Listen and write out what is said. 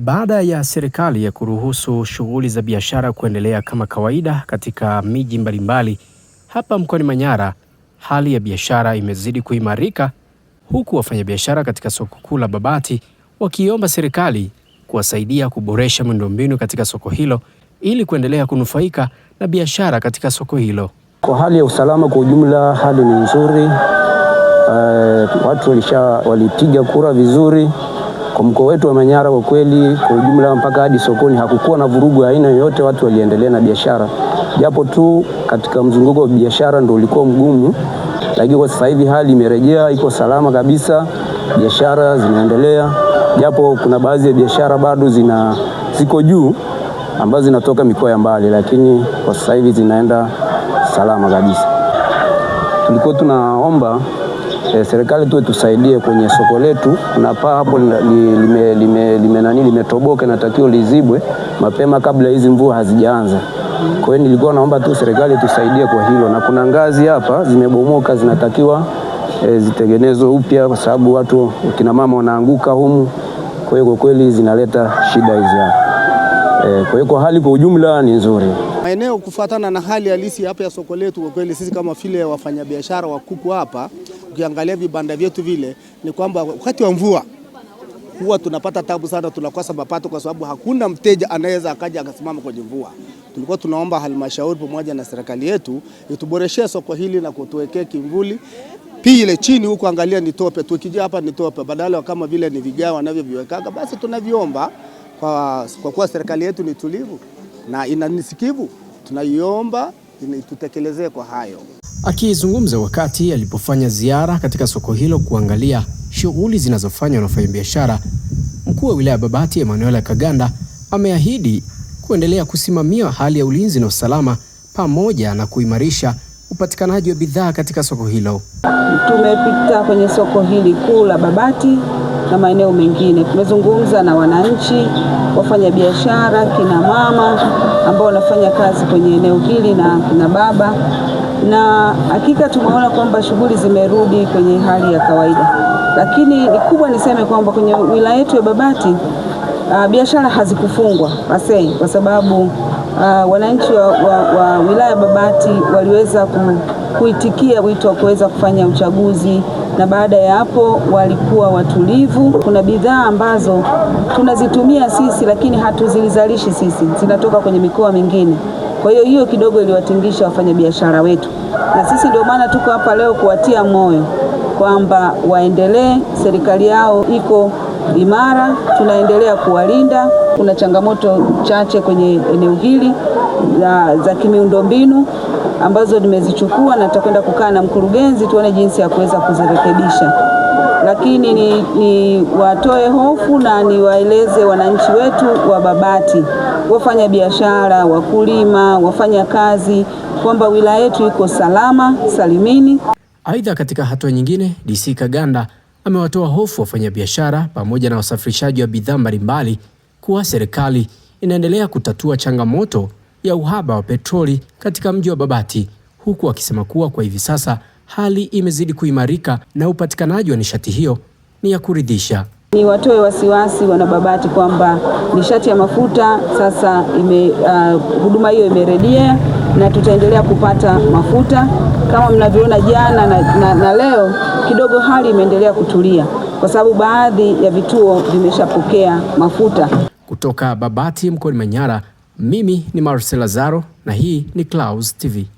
Baada ya serikali ya kuruhusu shughuli za biashara kuendelea kama kawaida katika miji mbalimbali hapa mkoani Manyara, hali ya biashara imezidi kuimarika huku wafanyabiashara katika soko kuu la Babati wakiomba serikali kuwasaidia kuboresha miundombinu katika soko hilo ili kuendelea kunufaika na biashara katika soko hilo. Kwa hali ya usalama kwa ujumla, hali ni nzuri. Uh, watu walisha walipiga kura vizuri. Kwa mkoa wetu wa Manyara kwa kweli, kwa ujumla mpaka hadi sokoni hakukuwa na vurugu aina yoyote, watu waliendelea na biashara, japo tu katika mzunguko wa biashara ndio ulikuwa mgumu, lakini kwa sasa hivi hali imerejea, iko salama kabisa, biashara zinaendelea, japo kuna baadhi ya biashara bado zina ziko juu ambazo zinatoka mikoa ya mbali, lakini kwa sasa hivi zinaenda salama kabisa. Tulikuwa tunaomba e, serikali tu itusaidie kwenye soko letu na paa hapo limenani lime, lime, lime limetoboka, natakiwa lizibwe mapema kabla hizi mvua hazijaanza. Kwa hiyo nilikuwa naomba tu serikali tusaidie kwa hilo, na kuna ngazi hapa zimebomoka zinatakiwa e, zitengenezwe upya, kwa sababu watu kina mama wanaanguka humu. Kwa hiyo kwa kweli zinaleta shida hizi hapa. Eh, kwa hiyo kwa hali kwa ujumla ni nzuri maeneo kufuatana na hali halisi hapa ya soko letu. Kwa kweli sisi kama vile wafanyabiashara wakubwa hapa ukiangalia vibanda vyetu vile, ni kwamba wakati wa mvua huwa tunapata tabu sana, tunakosa mapato kwa sababu hakuna mteja anaweza akaja akasimama kwenye mvua. Tulikuwa tunaomba halmashauri pamoja na serikali yetu ituboreshe soko hili na kutuwekea kimvuli. Pile chini huko angalia ni tope, tukija hapa ni tope, badala kama vile ni vigae wanavyoviwekaga, basi tunaviomba kwa, kwa kuwa serikali yetu ni tulivu na inanisikivu, tunaiomba tutekelezee kwa hayo. Akizungumza wakati alipofanya ziara katika soko hilo kuangalia shughuli zinazofanywa na wafanyabiashara, mkuu wa wilaya Babati Emmanuel Kaganda ameahidi kuendelea kusimamia hali ya ulinzi na usalama pamoja na kuimarisha upatikanaji wa bidhaa katika soko hilo. Tumepita kwenye soko hili kuu la Babati na maeneo mengine, tumezungumza na wananchi, wafanyabiashara, kina mama ambao wanafanya kazi kwenye eneo hili na kina baba na hakika tumeona kwamba shughuli zimerudi kwenye hali ya kawaida, lakini ni kubwa niseme kwamba kwenye wilaya yetu ya Babati uh, biashara hazikufungwa pasei, kwa sababu uh, wananchi wa, wa, wa wilaya ya Babati waliweza kuitikia wito wa kuweza kufanya uchaguzi na baada ya hapo walikuwa watulivu. Kuna bidhaa ambazo tunazitumia sisi, lakini hatuzilizalishi sisi, zinatoka kwenye mikoa mingine. Kwa hiyo hiyo kidogo iliwatingisha wafanyabiashara wetu, na sisi ndio maana tuko hapa leo kuwatia moyo kwamba waendelee, serikali yao iko imara, tunaendelea kuwalinda. Kuna changamoto chache kwenye eneo hili za, za kimiundombinu ambazo nimezichukua na tutakwenda kukaa na mkurugenzi tuone jinsi ya kuweza kuzirekebisha, lakini ni, ni watoe hofu na niwaeleze wananchi wetu wa Babati wafanya biashara, wakulima, wafanya kazi, kwamba wilaya yetu iko salama salimini. Aidha, katika hatua nyingine, DC Kaganda amewatoa hofu wafanyabiashara pamoja na wasafirishaji wa bidhaa mbalimbali kuwa serikali inaendelea kutatua changamoto ya uhaba wa petroli katika mji wa Babati, huku akisema kuwa kwa hivi sasa hali imezidi kuimarika na upatikanaji wa nishati hiyo ni ya kuridhisha. Ni watoe wasiwasi Wanababati kwamba nishati ya mafuta sasa ime, uh, huduma hiyo imerejea na tutaendelea kupata mafuta kama mnavyoona jana na, na, na leo kidogo hali imeendelea kutulia kwa sababu baadhi ya vituo vimeshapokea mafuta. Kutoka Babati mkoani Manyara, mimi ni Marcel Lazaro na hii ni Clouds TV.